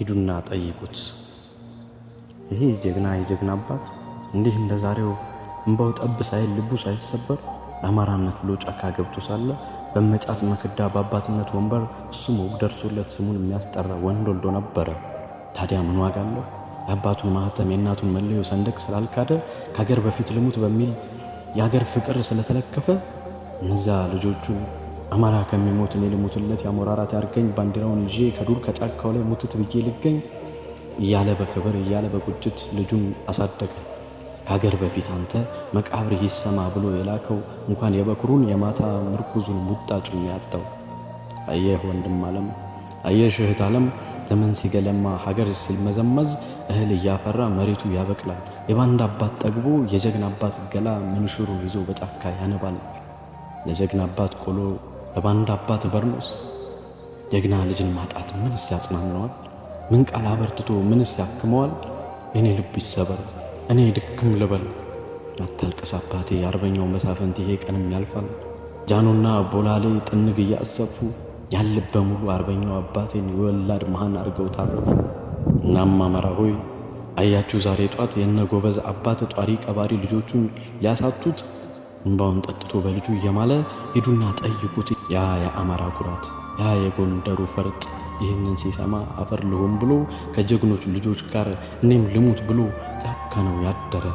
ሂዱና ጠይቁት። ይሄ ጀግና የጀግና አባት እንዲህ እንደ ዛሬው እንባው ጠብ ሳይል ልቡ ሳይሰበር ለአማራነት ብሎ ጫካ ገብቶ ሳለ በመጫት መክዳ በአባትነት ወንበር እሱ መውቅ ደርሶለት ስሙን የሚያስጠራ ወንድ ወልዶ ነበረ። ታዲያ ምን ዋጋ አለው? የአባቱን ማህተም የእናቱን መለዮ ሰንደቅ ስላልካደ ከሀገር በፊት ልሙት በሚል የሀገር ፍቅር ስለተለከፈ እነዚያ ልጆቹ አማራ ከሚሞት እኔ ልሞትለት የአሞራራት ያርገኝ ባንዲራውን ይዤ ከዱር ከጫካው ላይ ሙትት ብዬ ልገኝ እያለ በክብር እያለ በቁጭት ልጁን አሳደገ። ከሀገር በፊት አንተ መቃብር ይሰማ ብሎ የላከው እንኳን የበኩሩን የማታ ምርኩዙን ሙጣጩን ያጣው። አየህ ወንድም ዓለም አየሽ እህት ዓለም ዘመን ሲገለማ ሀገር ሲልመዘመዝ እህል እያፈራ መሬቱ ያበቅላል። የባንድ አባት ጠግቦ የጀግና አባት ገላ ምንሽሩ ይዞ በጫካ ያነባል። ለጀግና አባት ቆሎ በባንድ አባት በርኖስ ጀግና ልጅን ማጣት ምንስ ያጽናነዋል! ምን ቃል አበርትቶ ምንስ ያክመዋል? እኔ ልብ ይሰበር፣ እኔ ድክም ልበል። አታልቅስ አባቴ የአርበኛው መሳፍንት ይሄ ቀንም ያልፋል። ጃኖና ቦላሌ ጥንግ እያሰፉ ያልብ በሙሉ አርበኛው አባቴን የወላድ መሃን አድርገው ታረፉ። እናም አማራ ሆይ አያችሁ ዛሬ ጧት የነ ጎበዝ አባት ጧሪ ቀባሪ ልጆቹን ሊያሳቱት እንባውን ጠጥቶ በልጁ እየማለ ሂዱና ጠይቁት። ያ የአማራ ኩራት፣ ያ የጎንደሩ ፈርጥ ይህንን ሲሰማ አፈር ልሆን ብሎ ከጀግኖች ልጆች ጋር እኔም ልሙት ብሎ ጫካ ነው ያደረ።